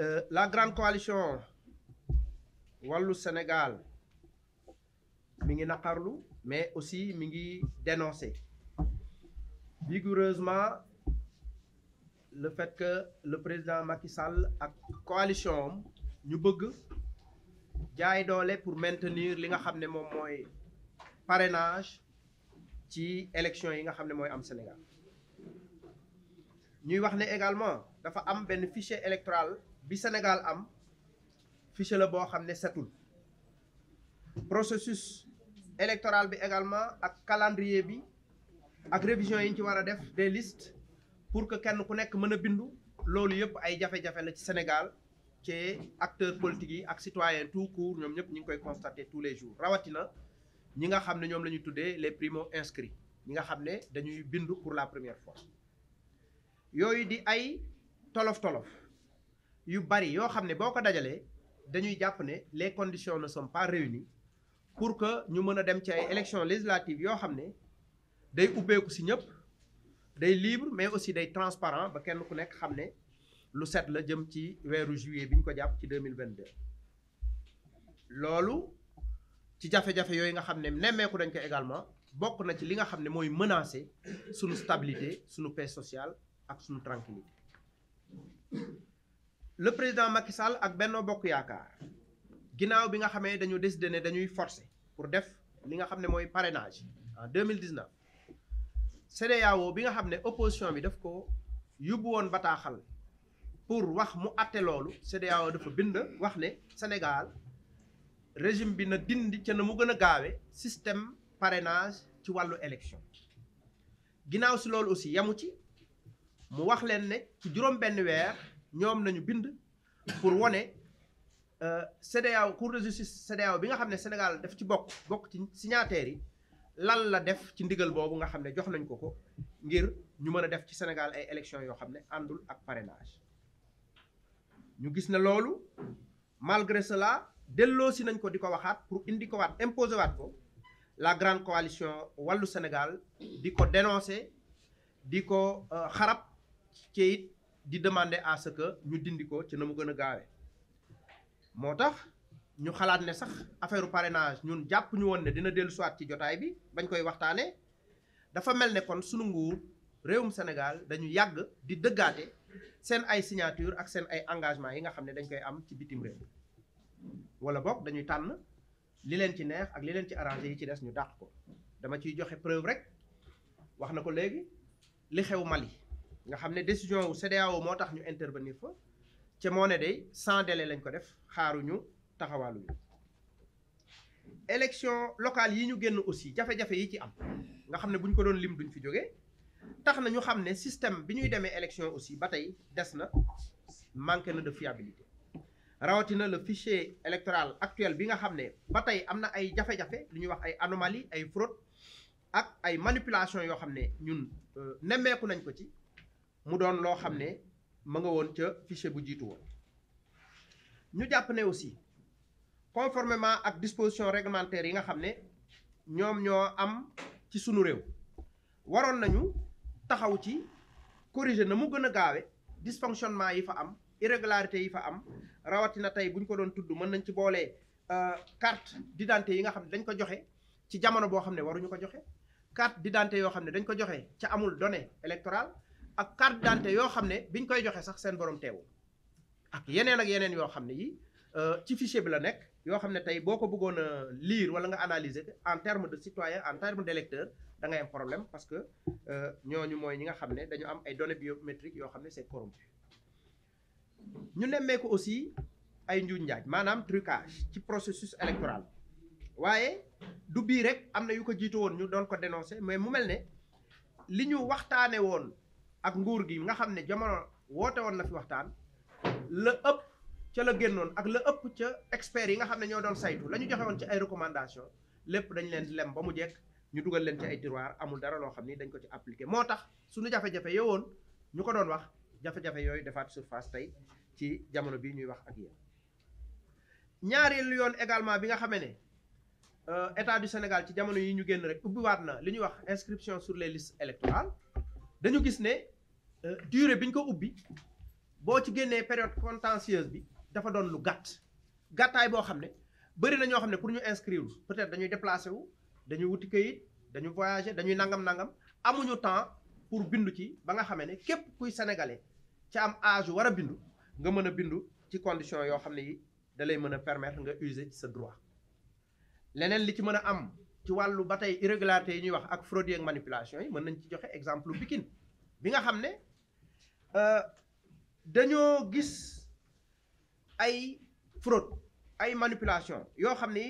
Euh, la grande coalition wàllu Sénégal mi ngi naqarlu mais aussi mi ngi dénoncer vigoureusement le fait que le président Macky Sall ak coalition am ñu bëgg jaay doole pour maintenir li nga xam ne moom mooy parrainage ci élection yi nga xam ne mooy am Sénégal ñuy wax ne également dafa am benn fichier électoral bi Sénégal am fichier la boo xam ne setul processus électoral bi également ak calendrier bi ak révision yi ñu ci war a def des listes pour que kenn ku nekk mën a bindu loolu yëpp ay jafe-jafe la ci Sénégal ci acteurs politiques yi ak citoyens tout court ñoom ñëpp ñu ngi koy constater tous les jours rawatina ñi nga xam ne ñoom la ñu tuddee les primo inscrits ñi nga xam ne dañuy bindu pour la première fois yooyu di ay tolof-tolof yu bari yoo xam ne boo ko dajalee dañuy jàpp ne les conditions ne sont pas réunies pour que ñu mën a dem ci ay élections législatives yoo xam ne day ubbeeku si ñëpp day libre mais aussi day transparent ba kenn ku nekk xam ne lu set la jëm ci weeru juillet bi ñu ko jàpp ci 2022 loolu ci jafe-jafe yooyu nga xam ne nemmeeku dañ ko également bokk na ci li nga xam ne mooy menacer sunu stabilité sunu paix sociale ak sunu tranquillité le président Macky Sall ak benn Bokk Yaakaar ginnaaw bi nga xamee dañu décidé ne dañuy forcer pour def li nga xam ne mooy parrainage en 2019 CEDEAO bi nga xam ne opposition bi daf ko yóbbu woon bataaxal pour wax mu àtte loolu CEDEAO dafa bind wax ne Sénégal régime bi na dindi ca na mu gën a gaawe système parrainage ci wàllu élection ginnaaw si loolu aussi yamu ci mu wax leen ne ci juróom benn weer ñoom nañu bind pour wane euh, CEDEAO cour de justice CEDEAO bi nga xam ne Sénégal def ci bokk bokk ci signataires yi lan la def ci ndigal boobu nga xam ne jox nañ ko ko ngir ñu mën a def ci Sénégal ay élections yoo xam ne àndul ak parrainage ñu gis ne loolu malgré cela delloo si nañ ko di ko waxaat pour indi ko waat imposé waat ko la grande coalition wàllu Sénégal di ko dénoncé di ko euh, xarab ci di demander à ce que ñu dindi ko ci na mu gën a gaawee moo tax ñu xalaat ne sax affaire parrainage ñun jàpp ñu woon ne dina dellu soit ci jotaay bi bañ koy waxtaanee dafa mel ne kon sunu nguur réewum Sénégal dañu yàgg di dëggaate seen ay signature ak seen ay engagement yi nga xam ne dañ koy am ci bitim réew wala boog dañuy tànn li leen ci neex ak li leen ci arrangé yi ci des ñu dàq ko dama ciy joxe preuve rek wax na ko léegi li xew Mali nga xam ne décision wu CEDEAO moo tax ñu intervenir fa ca moo ne day sans délai lañ ko def xaaruñu taxawaaluñu élection locale yi ñu génn aussi jafe yi ci am nga xam ne buñ ko doon lim duñ fi jógee tax na ñu xam ne système bi ñuy demee élection aussi ba tey des na manque na de fiabilité rawatina le fichier électoral actuel bi nga xam ne ba tey am na ay jafe-jafe lu ñuy wax ay anomalie ay fraude ak ay manipulation yoo xam ne ñun euh, nemmeeku nañ ko ci mu doon loo xam ne mu nga woon ca fichier bu jiitu woon ñu jàpp ne aussi conformément ak disposition réglementaire yi nga xam ne ñoom ñoo am ci sunu réew waroon nañu taxaw ci corriger na mu gën a gaawe dysfonctionnement yi fa am irrégularité yi fa am rawatina tey bu ñu ko doon tudd mën nañ ci boolee euh, di dante yi nga xam ne dañ ko joxe ci jamono boo xam ne waruñu ko joxe di d'identité yoo xam ne dañ ko joxe ca amul donné électorale ak carte d'identité yoo xam ne biñ koy joxe sax seen borom teewul ak yeneen ak yeneen yoo xam ne yi euh, ci fichier bi la nekk yoo xam ne tey boo ko bëggoon liir lire wala nga analyser en terme de citoyen en terme d'électeur da ngay am problème parce que euh, ñooñu mooy ñi nga xam ne dañu am ay données biométriques yoo xam ne c'est corrompu ñu nemmeeku aussi ay njuuj njaaj maanaam trucage ci processus électoral waaye du bii rek am na yu ko jiito woon ñu doon ko dénoncer mais mu mel ne li ñu waxtaane woon ak nguur gi nga xam ne jamono woote woon na fi waxtaan la ëpp ca la génnoon ak la ëpp ca experts yi nga xam ne ñoo doon saytu la ñu joxe woon ci ay recommandation lépp dañ leen lem ba mu jekk ñu dugal leen ci ay tiroir amul dara loo xam ni dañ ko ci appliqué moo tax suñu jafe-jafe yowoon ñu ko doon wax jafe-jafe yooyu defaat surface tey ci jamono bii ñuy wax ak yéen ñaareelu yoon également bi nga xamee ne euh, état du Sénégal ci jamono yi ñu génn rek ubbiwaat na li ñuy wax inscription sur les listes électorales Euh, durée bi ñu ko ubbi boo ci génnee période contentieuse bi dafa doon lu gàtt gàttaay boo xam ne bëri na ñoo xam ne pour ñu inscrire peut-être dañuy déplacé wu dañuy wuti kayit dañuy voyagé dañuy nangam-nangam amuñu temps pour bindu ci ba nga xamee ne képp kuy sénégalais ci am âge war a bindu nga mën a bindu ci condition yoo xam ne yi da lay mën a permettre nga user ci sa droit leneen li ci mën a am ci wàllu ba tey irrégularité yi ñuy wax ak fraude ak manipulation yi mën nañ ci joxe exemple Pikine bi nga xam ne Euh, dañoo gis ay fraude ay manipulation yoo xam ni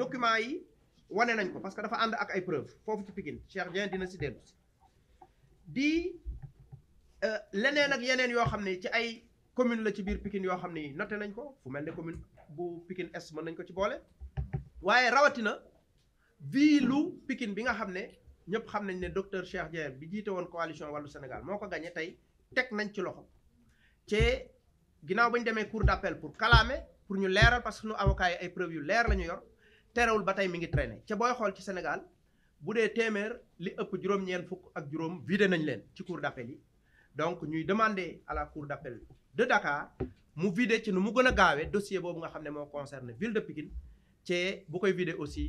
documents yi wane nañ ko parce que dafa ànd ak ay preuve foofu ci Pikine Cheikh Dieng dina si dellu di euh, leneen ak yeneen yoo xam ne ci ay commune la ci biir Pikine yoo xam ne noté nañ ko fu mel ne commune bu Pikine Est mën nañ ko ci boole waaye rawatina ville Pikine bi nga xam ne ñëpp xam nañ ne docteur Cheikh Dieng bi jiite woon coalition wàllu Sénégal moo ko gagné tey teg nañ ci loxo te ginnaaw ba ñu demee cour d'appel pour kalaame pour ñu leeral parce que suñu avocats yi ay preuves yu leer la ñu yor terewul ba tey mi ngi traîner ca booy xool ci Sénégal bu dee téeméer li ëpp juróom-ñeent fukk ak juróom vidé nañ leen ci cour d'appel yi donc ñuy demander à la cour d'appel de Dakar mu vidé ci nu mu gën a gaawee dossier boobu nga xam ne moo concerne ville de Pikine te bu koy vidé aussi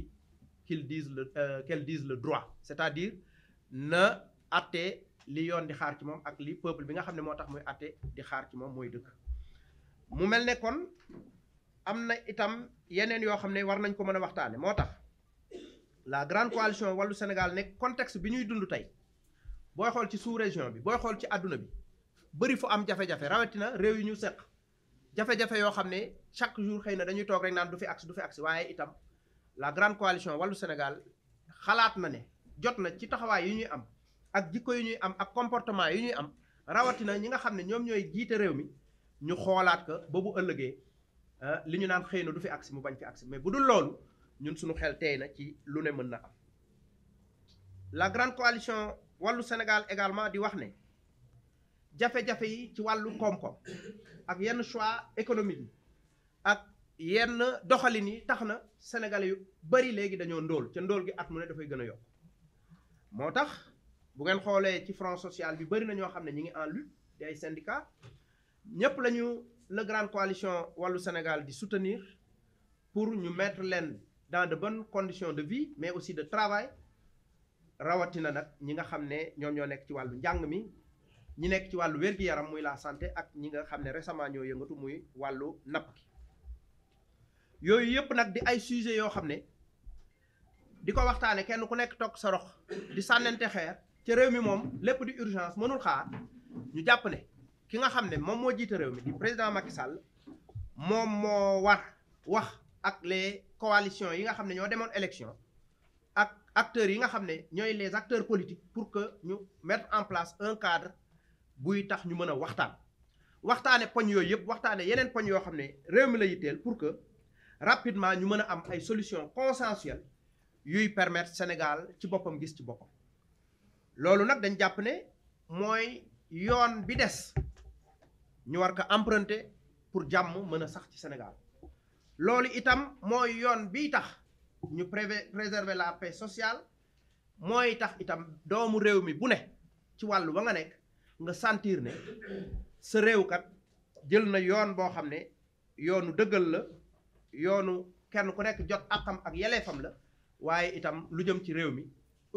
qu'ils disent le euh, qu'elles disent le droit c'est-à-dire na àtte li yoon di xaar ci moom ak li peuple bi nga xam ne moo tax muy àtte di xaar ci moom mooy dëgg mu mel nekkoon am na itam yeneen yoo xam ne war nañ ko mën a waxtaane moo tax la grande coalition wallu Sénégal nekk contexte bi ñuy dund tey booy xool ci sous région bi booy xool ci àdduna bi bëri fu am jafe-jafe rawatina réew yu ñu seq jafe-jafe yoo xam ne chaque jour xëy na dañuy toog rek naan du fi agsi du fi agsi waaye itam la grande coalition wàllu Sénégal xalaat na ne jot na ci taxawaay yi ñuy am ak jikko yu ñuy am ak comportement yu ñuy am rawatina ñi nga xam ne ñoom ñooy jiite réew mi ñu xoolaat ko ba bu ëllëgee ah, li ñu naan xëy na du fi agsi mu bañ fi agsi mais bu dul loolu ñun suñu xel tey na ci lu ne mën na am la grande coalition wàllu Sénégal également di wax ne jafe-jafe yi ci wàllu koom-koom ak yenn choix économique yi ak yenn doxalin yi tax na sénégalais yu bari léegi dañoo ndóol ca ndóol gi at mu ne dafay gën a yokk bu ngeen xoolee ci front sociale bi bëri na ñoo xam ne ñu ngi en lu di ay syndicat ñëpp la ñu la grande coalition wàllu Sénégal di soutenir pour ñu mettre leen dans de bonnes conditions de vie mais aussi de travail rawatina nag ñi nga xam ne ñoom ñoo nekk ci wàllu njàng mi ñi nekk ci wàllu wér-gu-yaram muy la santé ak ñi nga xam ne récemment ñoo yëngatu muy wàllu napp gi yooyu yëpp nag di ay sujets yoo xam ne di ko waxtaane kenn ku nekk toog sa rox di sànnante xeer ca réew mi moom lépp di urgence mënul xaar ñu jàpp ne ki nga xam ne moom moo jiite réew mi di président Macky Sall moom moo war wax ak les coalitions yi nga xam ne ñoo demoon élection ak acteurs yi nga xam ne ñooy les acteurs politiques pour que ñu metre en place un cadre buy tax ñu mën a waxtaan waxtaane poñ yooyu yëpp waxtaane yeneen poñ yoo xam ne réew mi la yitteel pour que rapidement ñu mën a am ay solutions consensuelles yuy permettre Sénégal ci boppam gis ci boppam loolu nag dañ jàpp ne mooy yoon bi des ñu war ko emprunter pour jàmm mën a sax ci Sénégal loolu itam mooy yoon bi tax ñu préserver la paix sociale mooy tax itam doomu réew mi bu ne ci wàllu ba nga nekk nga sentir ne sa réew kat jël na yoon boo xam ne yoonu dëggal la yoonu kenn ku nekk jot àqam ak yelleefam la waaye itam lu jëm ci réew mi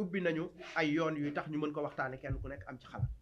ubbi nañu ay yoon yu tax ñu mën ko waxtaane kenn ku nekk am ci xalaat